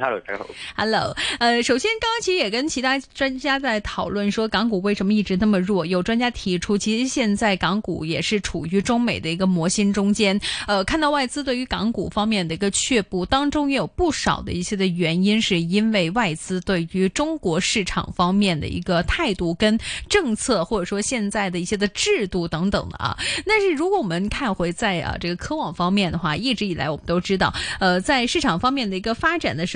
hello，大家好，hello，呃，首先，剛剛其實也跟其他專家在討論說，港股為什麼一直那麼弱？有專家提出，其實現在港股也是處於中美的一個磨心中間。呃，看到外資對於港股方面的一個卻步，當中也有不少的一些的原因，是因為外資對於中國市場方面的一個態度跟政策，或者說現在的一些的制度等等的啊。但是，如果我們看回在啊這個科網方面的話，一直以來我們都知道，呃，在市場方面的一個發展的時，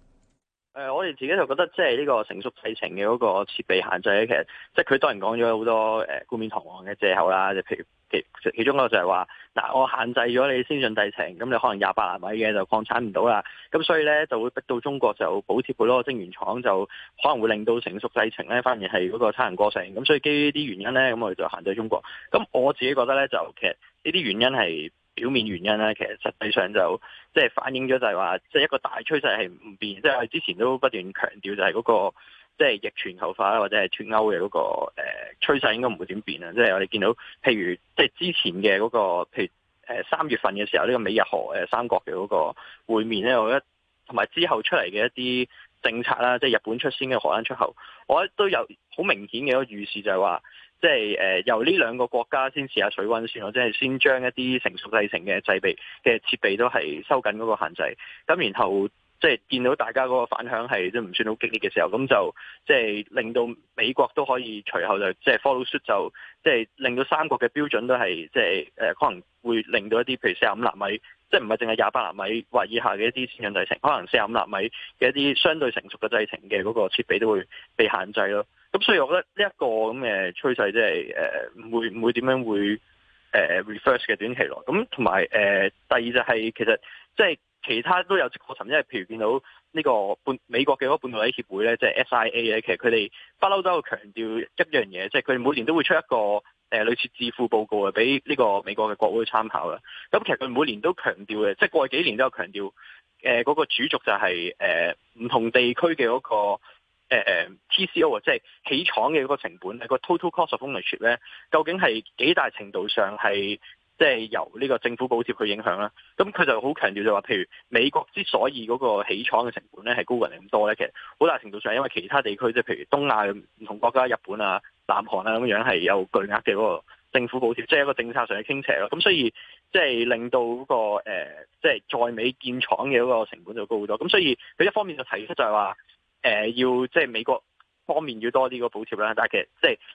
誒、呃，我哋自己就覺得即係呢個成熟製程嘅嗰個設備限制咧，其實即係佢當然講咗好多誒冠冕堂皇嘅借口啦，就譬如其其中一個就係話，嗱我限制咗你先進製程，咁你可能廿八納米嘅就擴產唔到啦，咁所以咧就會逼到中國就補貼嗰個晶圓廠，就可能會令到成熟製程咧反而係嗰個產能過剩，咁所以基於呢啲原因咧，咁我哋就限制中國。咁我自己覺得咧，就其實呢啲原因係。表面原因咧，其實實際上就即係、就是、反映咗就係話，即、就、係、是、一個大趨勢係唔變。即、就、係、是、我哋之前都不斷強調就係嗰、那個即係、就是、逆全球化啦，或者係脱歐嘅嗰、那個誒、呃、趨勢應該唔會點變啊！即、就、係、是、我哋見到，譬如即係、就是、之前嘅嗰、那個，譬如誒三月份嘅時候呢、這個美日荷誒三國嘅嗰個會面咧，我覺得同埋之後出嚟嘅一啲政策啦，即、就、係、是、日本出先嘅，荷蘭出後，我覺得都有好明顯嘅一個預示就是說，就係話。即係誒，由呢兩個國家先試下水溫先，或者係先將一啲成熟製程嘅製備嘅設備都係收緊嗰個限制。咁然後即係見到大家嗰個反響係都唔算好激烈嘅時候，咁就即係令到美國都可以隨後就即係 follow suit，就即係令到三國嘅標準都係即係誒，可能會令到一啲譬如四十五納米，即係唔係淨係廿八納米或以下嘅一啲先進製程，可能四十五納米嘅一啲相對成熟嘅製程嘅嗰個設備都會被限制咯。咁所以，我覺得呢一個咁嘅趨勢，即係誒唔會唔會點樣會誒 reverse 嘅短期內。咁同埋誒第二就係、是、其實即係其他都有即係我曾係譬如見到呢個半美國嘅嗰個半導體協會咧，即、就、係、是、SIA 咧，其實佢哋不嬲都有強強調一樣嘢，即係佢每年都會出一個誒類似智庫報告啊，俾呢個美國嘅國會參考。咁其實佢每年都強調嘅，即、就、係、是、過去幾年都有強調誒嗰個主軸就係誒唔同地區嘅嗰、那個。誒、呃、誒 TCO 啊，即係起廠嘅嗰個成本，係、那個 total cost of ownership 咧，究竟係幾大程度上係即係由呢個政府補貼去影響啦？咁佢就好強調就話，譬如美國之所以嗰個起廠嘅成本咧係高過你咁多咧，其實好大程度上因為其他地區，即係譬如東亞唔同國家、日本啊、南韓啊咁樣係有巨額嘅嗰個政府補貼，即、就、係、是、一個政策上嘅傾斜咯。咁所以即係令到嗰、那個即係、呃就是、在美建廠嘅嗰個成本就高好多。咁所以佢一方面就提出就係話。誒、呃、要即美國方面要多啲個補貼啦，但係其實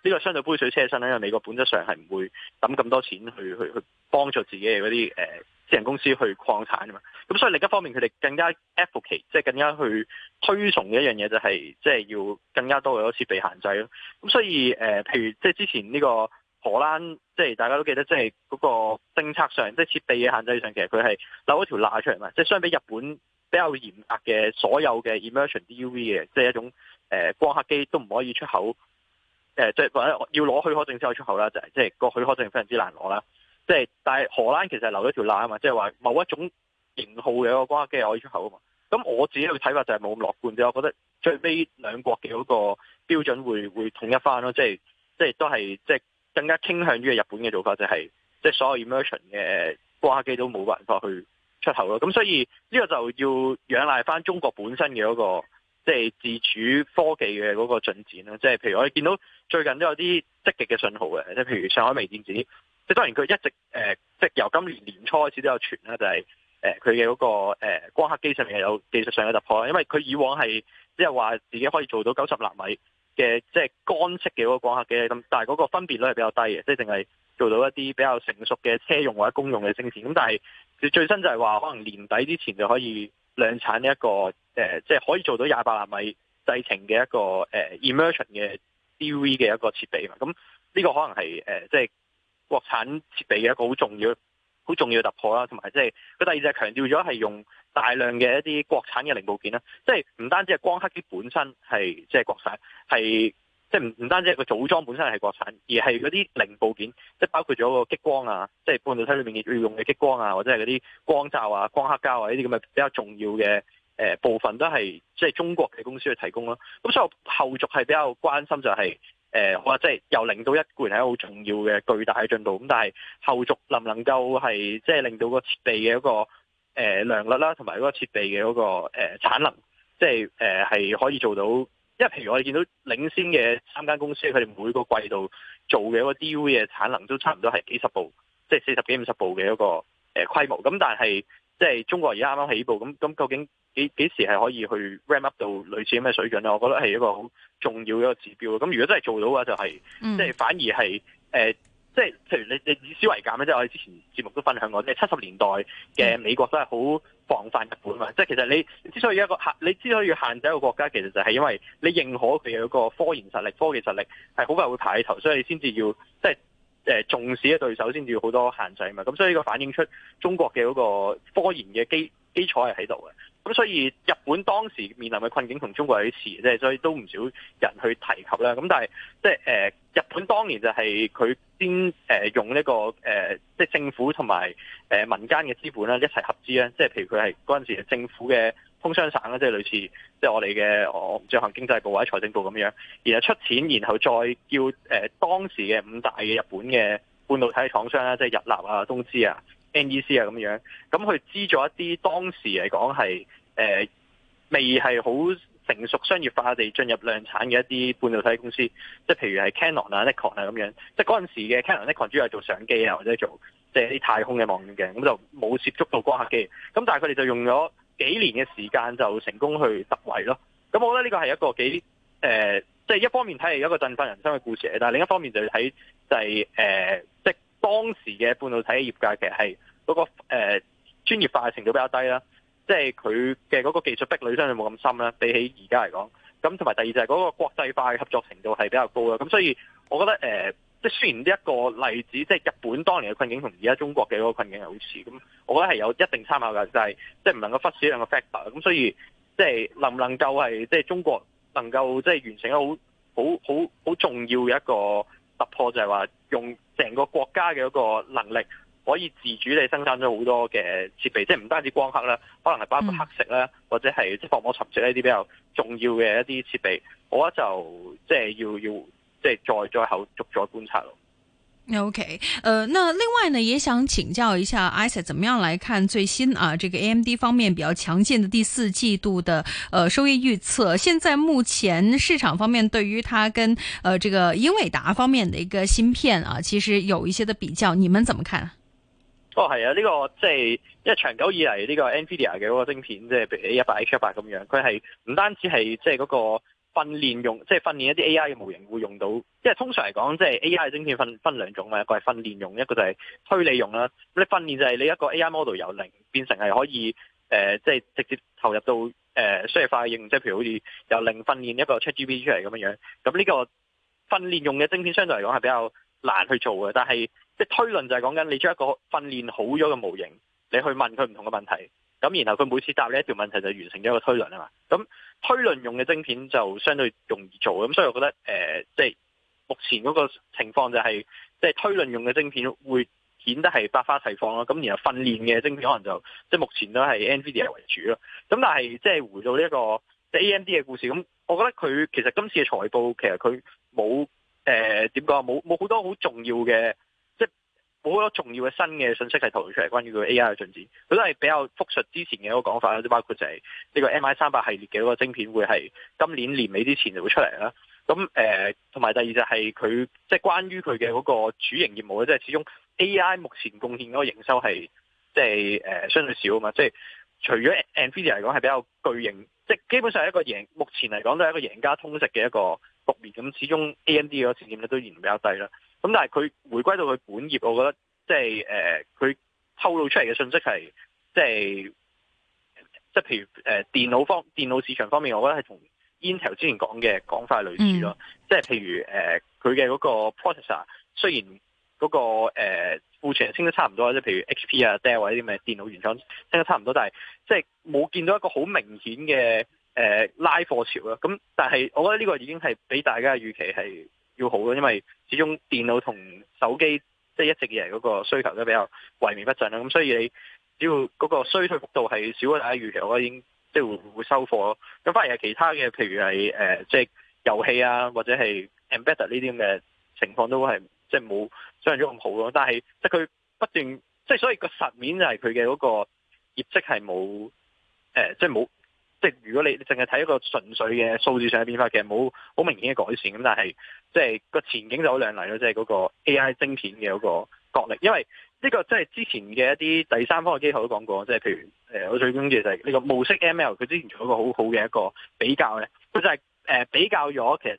即呢個相對杯水車薪啦，因為美國本質上係唔會抌咁多錢去去去幫助自己嘅嗰啲誒私人公司去擴產啊嘛，咁所以另一方面佢哋更加 effort 其，即更加去推崇一樣嘢就係、是、即要更加多嘅嗰啲設備限制咯，咁所以誒、呃、譬如即之前呢個荷蘭，即大家都記得即係嗰個政策上即係設備嘅限制上，其實佢係漏咗條罅出嚟嘛，即相比日本。比較嚴格嘅所有嘅 immersion DUV 嘅，即係一種誒光刻機都唔可以出口，誒即係或者要攞許可證先可以出口啦，就係即係個許可證非常之難攞啦，即係但係荷蘭其實留咗條罅啊嘛，即係話某一種型號嘅光刻機可以出口啊嘛，咁我自己嘅睇法就係冇咁樂觀啫，我覺得最尾兩國嘅嗰個標準會會統一翻咯，即係即係都係即係更加傾向於日本嘅做法，就係即係所有 immersion 嘅光刻機都冇辦法去。出口咯，咁所以呢個就要仰賴翻中國本身嘅嗰個即係自主科技嘅嗰個進展啦。即係譬如我哋見到最近都有啲積極嘅信號嘅，即係譬如上海微電子，即係當然佢一直誒即係由今年年初開始都有傳啦，就係誒佢嘅嗰個誒光刻機上面係有技術上嘅突破啦。因為佢以往係即係話自己可以做到九十納米嘅即係乾式嘅嗰個光刻機咁，但係嗰個分辨率係比較低嘅，即係淨係做到一啲比較成熟嘅車用或者公用嘅晶片咁，但係。最新就係話，可能年底之前就可以量產呢一個誒，即、呃、係、就是、可以做到廿八納米製程嘅一個誒 immersion、呃、嘅 DUV 嘅一個設備啊！咁呢個可能係誒，即、呃、係、就是、國產設備嘅一個好重要、好重要嘅突破啦。同埋即係佢第二就係強調咗係用大量嘅一啲國產嘅零部件啦，即係唔單止係光刻機本身係即係國產，係。即係唔唔單止係個組裝本身係國產，而係嗰啲零部件，即係包括咗個激光啊，即係半導體裏面要用嘅激光啊，或者係嗰啲光罩啊、光刻膠啊呢啲咁嘅比較重要嘅誒部分都係即係中國嘅公司去提供咯。咁所以我後續係比較關心就係好話，即係由零到一固然係一個好重要嘅巨大嘅進度。咁但係後續能唔能夠係即係令到個設備嘅一個誒良率啦，同埋嗰個設備嘅嗰個誒產能，即係係、呃、可以做到。因為譬如我哋見到領先嘅三間公司，佢哋每個季度做嘅嗰個 DUV 嘅產能都差唔多係幾十部，即係四十幾五十部嘅一個誒、呃、規模。咁但係即係中國而家啱啱起步，咁咁究竟幾幾時係可以去 ram up 到類似咁嘅水準咧？我覺得係一個好重要嘅一個指標。咁如果真係做到嘅就係、是，即、嗯、係、就是、反而係誒，即、呃、係、就是、譬如你你以史為鑑咧，即、就、係、是、我哋之前節目都分享過，即七十年代嘅美國都係好。嗯防範日本嘛，即係其實你，之所以一個限，你之所以，之所以要限制一個國家，其實就係因為你認可佢有個科研實力、科技實力係好快會排喺頭，所以你先至要即係誒重視嘅對手，先至要好多限制啊嘛。咁所以呢個反映出中國嘅嗰個科研嘅基基礎係喺度嘅。咁所以日本當時面臨嘅困境同中國有啲似，即係所以都唔少人去提及啦。咁但係即係誒日本當年就係佢先誒用呢個誒，即係政府同埋誒民間嘅資本啦一齊合資啦，即係譬如佢係嗰陣時政府嘅通商省啊，即係類似即係我哋嘅我唔知行經濟部或者財政部咁樣，然後出錢，然後再叫誒當時嘅五大嘅日本嘅半導體廠商啦，即係日立啊、東芝啊。N.E.C. 啊咁樣，咁佢資助一啲當時嚟講係誒未係好成熟商業化地進入量產嘅一啲半導體公司，即係譬如係 Canon 啊、Nikon 啊咁樣。即係嗰陣時嘅 Canon、Nikon 主要係做相機啊，或者做即係啲太空嘅望遠鏡，咁就冇接觸到光刻機。咁但係佢哋就用咗幾年嘅時間就成功去突圍咯。咁我覺得呢個係一個幾誒，即、呃、係、就係、一方面睇係一個振奮人心嘅故事嚟，但係另一方面就睇就係呃、即當時嘅半導體業界其實係嗰、那個誒、呃、專業化程度比較低啦，即係佢嘅嗰個技術壁壘相對冇咁深啦，比起而家嚟講。咁同埋第二就係嗰個國際化嘅合作程度係比較高啦。咁所以我覺得誒，即、呃、係雖然呢一個例子，即、就、係、是、日本當年嘅困境同而家中國嘅嗰個困境係好似咁，我覺得係有一定參考嘅，就係即係唔能夠忽視兩個 factor。咁所以即係、就是、能唔能夠係即係中國能夠即係完成一個好好好好重要嘅一個突破就係話用成個國家嘅一個能力，可以自主地生產咗好多嘅設備，即係唔單止光刻啦，可能係包括刻蝕啦，或者係即係薄膜沉積呢啲比較重要嘅一啲設備，我覺得就即係、就是、要要即係再再後續再觀察咯。OK，呃那另外呢，也想請教一下 Isaac 怎麼樣來看最新啊，這個 AMD 方面比較強勁的第四季度的呃，呃收益預測。現在目前市場方面對於它跟，呃這個英偉達方面的一個芯片啊，其實有一些的比較，你們怎麼看？哦係啊，呢、這個即係、就是，因為長久以嚟呢個 Nvidia 嘅嗰個芯片，即係 A 一百 H 一百咁樣，佢係唔單止係即係嗰個。訓練用即係訓練一啲 A I 嘅模型會用到，即係通常嚟講，即係 A I 嘅晶片分分兩種嘛，一個係訓練用，一個就係推理用啦。咁你訓練就係你一個 A I model 由零變成係可以誒、呃，即係直接投入到誒商業化嘅應用，即係譬如好似由零訓練一個 Chat GPT 出嚟咁樣樣。咁呢個訓練用嘅晶片相對嚟講係比較難去做嘅，但係即係推論就係講緊你將一個訓練好咗嘅模型，你去問佢唔同嘅問題。咁然後佢每次答呢一條問題就完成咗一個推論啊嘛，咁推論用嘅晶片就相對容易做咁，所以我覺得即係、呃即係、目前嗰個情況就係即係推論用嘅晶片會顯得係百花齊放咯。咁然後訓練嘅晶片可能就即係、即係、目前都係 Nvidia 為主咯。咁但係即係回到呢一個即係 AMD 嘅故事，咁我覺得佢其實今次嘅財報其實佢冇誒點講冇冇好多好重要嘅。冇好多重要嘅新嘅信息係透露出嚟，關於佢 A.I. 嘅進展，佢都係比較復述之前嘅一個講法啦。即包括就係呢個 M.I. 三百系列嘅嗰個晶片會係今年年尾之前就會出嚟啦。咁誒，同埋第二就係佢即係關於佢嘅嗰個主營業務咧，即係始終 A.I. 目前貢獻嗰個營收係即係誒相對少啊嘛。即係除咗 Nvidia 嚟講係比較巨型，即係基本上係一個贏，目前嚟講都係一個贏家通食嘅一個局面。咁始終 A.M.D. 嗰個市佔率都仍然比較低啦。咁但係佢回歸到佢本業，我覺得即係誒，佢、呃、透露出嚟嘅信息係，即係即係譬如誒電腦方、電腦市場方面，我覺得係同 Intel 之前講嘅講法類似咯。即、嗯、係、就是、譬如誒佢嘅嗰個 processor，雖然嗰、那個誒庫存升得差唔多，即係譬如 HP 啊、Dell 或者啲咩電腦原廠升得差唔多，但係即係冇見到一個好明顯嘅誒、呃、拉貨潮咯。咁但係我覺得呢個已經係俾大家嘅預期係。要好咯，因為始終電腦同手機即係、就是、一直以嚟嗰個需求都比較萎靡不振。啦。咁所以你只要嗰個衰退幅度係少咗，大家預期，我覺得已經即係會會收貨咯。咁反而係其他嘅，譬如係誒，即係遊戲啊，或者係 embedded 呢啲咁嘅情況都係即係冇想像咗咁好咯。但係即係佢不斷，即、就、係、是、所以個實面就係佢嘅嗰個業績係冇誒，即係冇。就是即係如果你淨係睇一個純粹嘅數字上嘅變化，其實冇好明顯嘅改善咁，但係即係個前景就好亮麗咯，即係嗰個 A.I. 晶片嘅嗰個角力。因為呢個即係之前嘅一啲第三方嘅機構都講過，即係譬如誒，我最中意就係呢個模式 M.L. 佢之前做一個好好嘅一個比較咧，佢就係誒比較咗其實，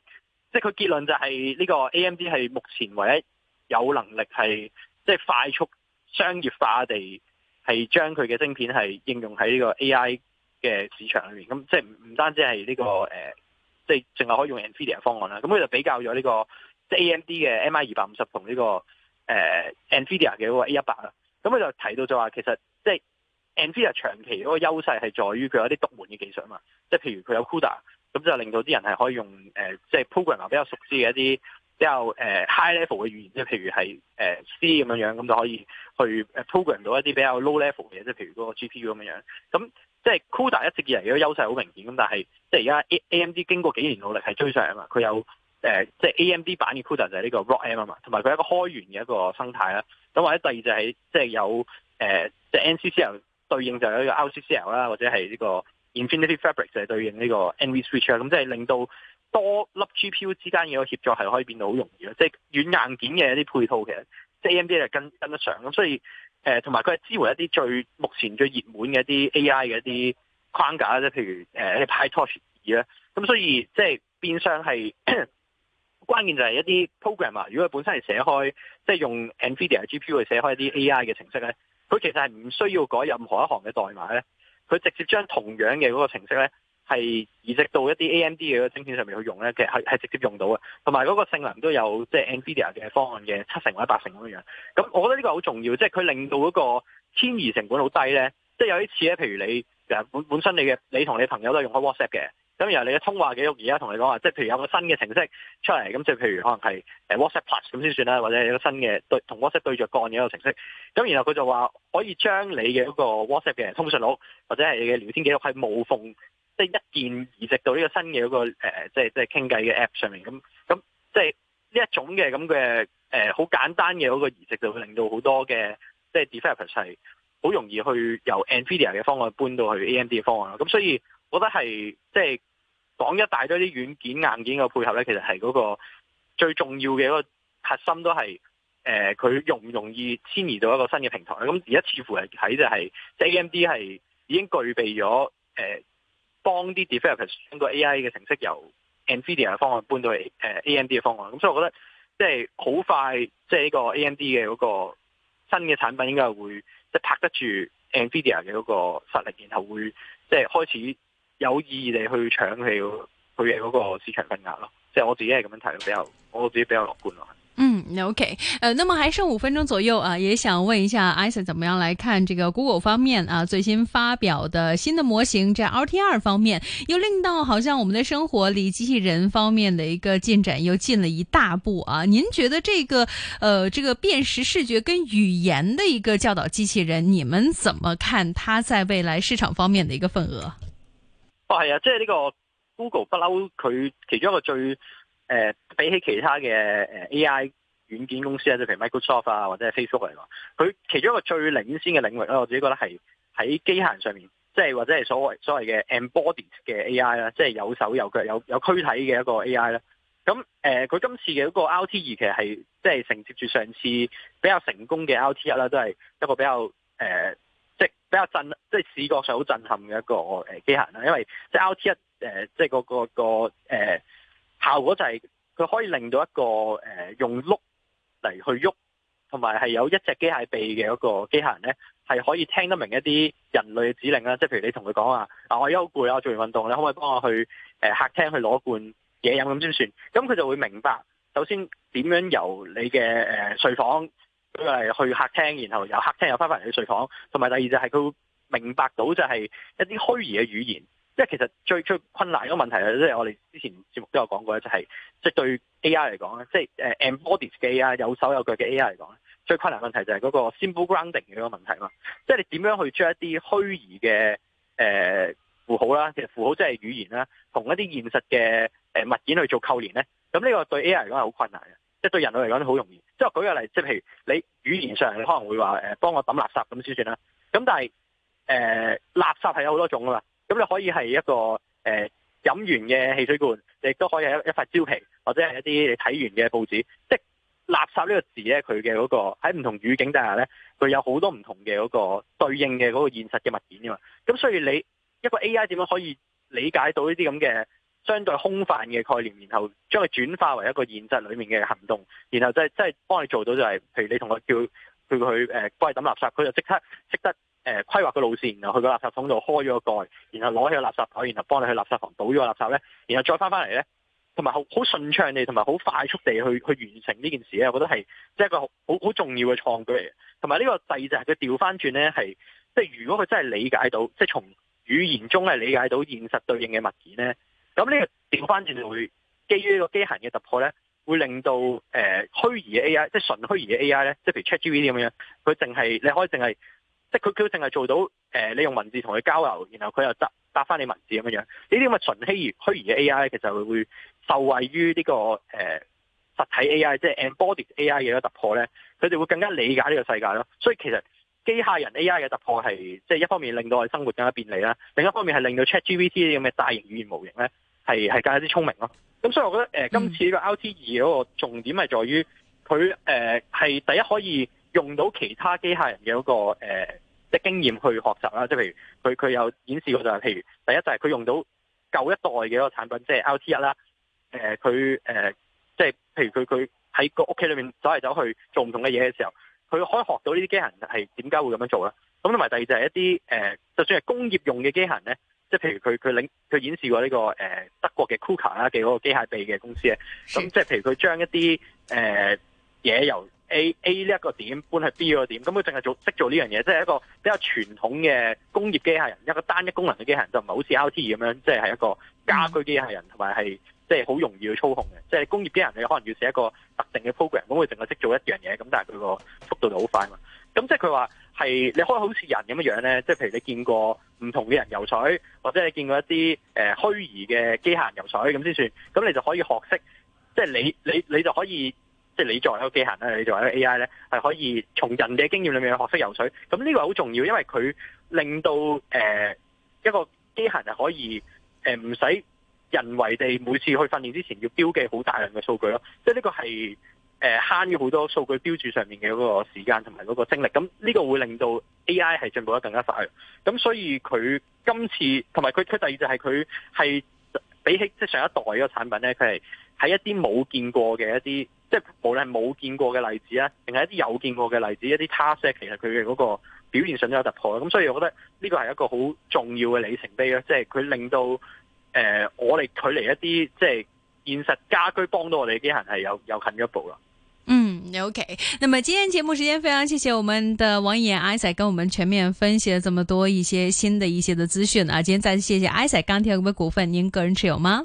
即係佢結論就係呢個 A.M.D. 係目前唯一有能力係即係快速商業化地係將佢嘅晶片係應用喺呢個 A.I. 嘅市場裏面，咁即係唔唔單止係呢個、呃、即係淨係可以用 NVIDIA 方案啦。咁佢就比較咗呢個即係 AMD 嘅 MI 二百五十同呢個、呃、NVIDIA 嘅嗰個 A 一百啦。咁佢就提到就話，其實即係 NVIDIA 長期嗰個優勢係在於佢有啲獨門嘅技術啊嘛。即係譬如佢有 CUDA，咁就令到啲人係可以用、呃、即係 programmer 比較熟知嘅一啲比較誒 high level 嘅語言，即係譬如係、呃、C 咁樣樣，咁就可以去 program 到一啲比較 low level 嘅嘢，即係譬如嗰個 GPU 咁樣樣咁。即係 CUDA 一直以來嘅優勢好明顯咁，但係即係而家 AMD 經過幾年努力係追上啊嘛。佢有誒即係 AMD 版嘅 CUDA 就係呢個 ROCm 啊嘛，同埋佢一個開源嘅一個生態啦。咁或者第二就係即係有誒即係 NCCL 對應就有一個 RCCL 啦，或者係呢個 Infinity Fabric 就係對應呢個 NVSwitch 啊，咁即係令到多粒 GPU 之間嘅協作係可以變到好容易咯。即係軟硬件嘅一啲配套其實即係 AMD 係跟跟得上咁，所以。誒，同埋佢係支援一啲最目前最熱門嘅一啲 AI 嘅一啲框架，即係譬如誒 PyTorch 啦，咁所以即係變相係關鍵就係一啲 programmer，如果佢本身係寫開即係、就是、用 NVIDIA GPU 去寫開一啲 AI 嘅程式咧，佢其實係唔需要改任何一行嘅代碼咧，佢直接將同樣嘅嗰個程式咧。係移植到一啲 A.M.D. 嘅晶片上面去用咧，其實係係直接用到嘅，同埋嗰個性能都有即係、就是、Nvidia 嘅方案嘅七成或者八成咁樣。咁我覺得呢個好重要，即係佢令到嗰個遷移成本好低咧。即、就、係、是、有啲似咧，譬如你本本身你嘅你同你朋友都係用開 WhatsApp 嘅，咁然後你嘅通話記錄而家同你講話，即係譬如有個新嘅程式出嚟，咁即係譬如可能係 WhatsApp Plus 咁先算啦，或者係一個新嘅同 WhatsApp 對着幹嘅一個程式。咁然後佢就話可以將你嘅嗰個 WhatsApp 嘅通訊錄或者係你嘅聊天記錄係冇縫。即、就、係、是、一鍵移植到呢個新嘅嗰、那個即係即係傾偈嘅 APP 上面咁咁，即係呢一種嘅咁嘅誒，好、呃、簡單嘅嗰個移植就會令到好多嘅即係、就是、developer 係好容易去由 NVIDIA 嘅方案搬到去 AMD 嘅方案咯。咁所以我覺得係即係講一大堆啲軟件硬件嘅配合咧，其實係嗰個最重要嘅一個核心都係誒，佢容唔容易遷移到一個新嘅平台。咁而家似乎係喺就係、是、即 AMD 係已經具備咗誒。呃幫啲 developers 通過 AI 嘅程式由 Nvidia 嘅方案搬到嚟誒 AMD 嘅方案，咁、嗯、所以我覺得即係好快，即係呢個 AMD 嘅嗰個新嘅產品應該會即係、就是、拍得住 Nvidia 嘅嗰個實力，然後會即係、就是、開始有意義地去搶佢佢嘅嗰個市場份額咯。即、就、係、是、我自己係咁樣睇，比較我自己比較樂觀咯。嗯，OK，呃，那麼還剩五分鐘左右啊，也想問一下，Isaac 怎麼樣來看這個 Google 方面啊最新發表的新的模型在 RTR 方面，又令到好像我們的生活離機器人方面的一個進展又進了一大步啊？您覺得這個呃，這個辨識視覺跟語言的一個教導機器人，你們怎麼看它在未來市場方面的一個份額？哦，係啊，即係呢個 Google 不嬲，佢其中一個最。誒、呃、比起其他嘅 AI 軟件公司啊，即譬如 Microsoft 啊，或者 Facebook 嚟講，佢其中一個最領先嘅領域咧，我自己覺得係喺機械上面，即係或者係所謂所謂嘅 Embodied 嘅 AI 啦，即係有手有腳有有軀體嘅一個 AI 咧。咁、呃、誒，佢今次嘅嗰個 RT 二其實係即係承接住上次比較成功嘅 RT 一啦，都係一個比較誒、呃，即係比較震，即係視覺上好震撼嘅一個誒機械人啦。因為即係 RT 一誒，即係嗰、呃、個個,個、呃效果就係佢可以令到一個誒、呃、用碌嚟去喐，同埋係有一隻機械臂嘅嗰個機械人呢，係可以聽得明一啲人類嘅指令啦。即係譬如你同佢講話，啊我而家好攰啊，我做完運動，你可唔可以幫我去、呃、客廳去攞罐嘢飲咁先算？咁佢就會明白，首先點樣由你嘅誒睡房佢係去客廳，然後由客廳又翻返嚟去睡房，同埋第二就係佢會明白到就係一啲虛擬嘅語言。即係其實最最困難嗰個問題咧，即係我哋之前節目都有講過咧，就係即係對 A.I. 嚟講咧，即係誒 embodied 嘅 A.I. 有手有腳嘅 A.I. 嚟講咧，最困難的問題就係嗰個 symbol grounding 嘅嗰個問題啊嘛，即係你點樣去將一啲虛擬嘅誒符號啦，其實符號即係語言啦，同一啲現實嘅誒物件去做扣連咧，咁呢個對 A.I. 嚟講係好困難嘅，即係對人類嚟講都好容易。即係我舉個例子，即係譬如你語言上你可能會話誒幫我抌垃圾咁先算啦，咁但係誒、呃、垃圾係有好多種啊嘛。咁你可以係一個誒、呃、飲完嘅汽水罐，你亦都可以係一塊蕉皮，或者係一啲你睇完嘅報紙，即垃圾呢個字咧，佢嘅嗰個喺唔同語境底下咧，佢有好多唔同嘅嗰、那個對應嘅嗰個現實嘅物件噶嘛。咁所以你一個 AI 點樣可以理解到呢啲咁嘅相對空泛嘅概念，然後將佢轉化為一個現實裏面嘅行動，然後即係即係幫你做到就係、是，譬如你同佢叫叫佢誒、呃、幫你抌垃圾，佢就即刻識得。誒、呃，規劃個路線，然後去個垃圾桶度開咗個蓋，然後攞起個垃圾袋，然後幫你去垃圾房倒咗個垃圾咧，然後再翻翻嚟咧，同埋好好順暢地，同埋好快速地去去完成呢件事咧，我覺得係即係一個好好重要嘅創舉嚟嘅。同埋呢個第二就係佢調翻轉咧，係即係如果佢真係理解到，即係從語言中係理解到現實對應嘅物件咧，咁呢個調翻轉就會基於呢個機械嘅突破咧，會令到誒、呃、虛擬嘅 AI，即係純虛擬嘅 AI 咧，即係譬如 ChatGPT 咁樣，佢淨係你可以淨係。即係佢佢淨係做到誒、呃，你用文字同佢交流，然後佢又答答翻你文字咁樣樣，呢啲咁嘅純虛擬虛擬嘅 AI 其實會受惠於呢、這個誒、呃、實體 AI，即係 embodied AI 嘅一個突破咧，佢哋會更加理解呢個世界咯。所以其實機械人 AI 嘅突破係即係一方面令到我哋生活更加便利啦，另一方面係令到 ChatGPT 呢啲咁嘅大型語言模型咧係係更加之聰明咯。咁所以我覺得、呃嗯、今次呢個 L2 嗰個重點係在於佢誒係第一可以。用到其他機械人嘅嗰、那個即係、呃、經驗去學習啦。即係譬如佢佢有演示過就係、是、譬如第一就係佢用到舊一代嘅一個產品，即係 L T 一啦。誒佢誒即係譬如佢佢喺個屋企裏面走嚟走去做唔同嘅嘢嘅時候，佢可以學到呢啲機械人係點解會咁樣做啦。咁同埋第二就係一啲誒、呃，就算係工業用嘅機械人咧，即係譬如佢佢領佢演示過呢、這個誒、呃、德國嘅 Kuka 啦，嘅嗰個機械臂嘅公司咧。咁即係譬如佢將一啲誒嘢由 A A 呢一個點搬去 B 個點，咁佢淨係做識做呢樣嘢，即係一個比較傳統嘅工業機械人，一個單一功能嘅機械人，就唔係好似 LT 咁樣，即係係一個家居機械人，同埋係即係好容易去操控嘅。即係工業機械人，你可能要寫一個特定嘅 program，咁佢淨係識做一樣嘢，咁但係佢個速度就好快嘛。咁即係佢話係你可以好似人咁樣樣咧，即係譬如你見過唔同嘅人游水，或者你見過一啲誒、呃、虛擬嘅機械人游水咁先算，咁你就可以學識，即係你你你就可以。即係你作為一個機械人咧，你作為一個 AI 咧，係可以從人嘅經驗裏面學識游水。咁呢個係好重要，因為佢令到誒一個機械人係可以誒唔使人為地每次去訓練之前要標記好大量嘅數據咯。即係呢個係誒慳咗好多數據標注上面嘅嗰個時間同埋嗰個精力。咁呢個會令到 AI 係進步得更加快。咁所以佢今次同埋佢佢第二就係佢係比起即係上一代嘅產品咧，佢係。係一啲冇見過嘅一啲，即係無論係冇見過嘅例子啊，定係一啲有見過嘅例子，一啲 task 其實佢嘅嗰個表現上都有突破，咁所以我覺得呢個係一個好重要嘅里程碑咯，即係佢令到誒、呃、我哋距離一啲即係現實家居幫到我哋嘅機器人係有有近一步啦。嗯，OK，那麼今天節目時間非常，謝謝我們的王逸研跟我們全面分析咗這麼多一些新的一些的資訊啊！今天再次謝謝逸研，鋼鐵個股份您個人持有嗎？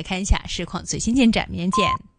來看一下實況最新進展，明天見。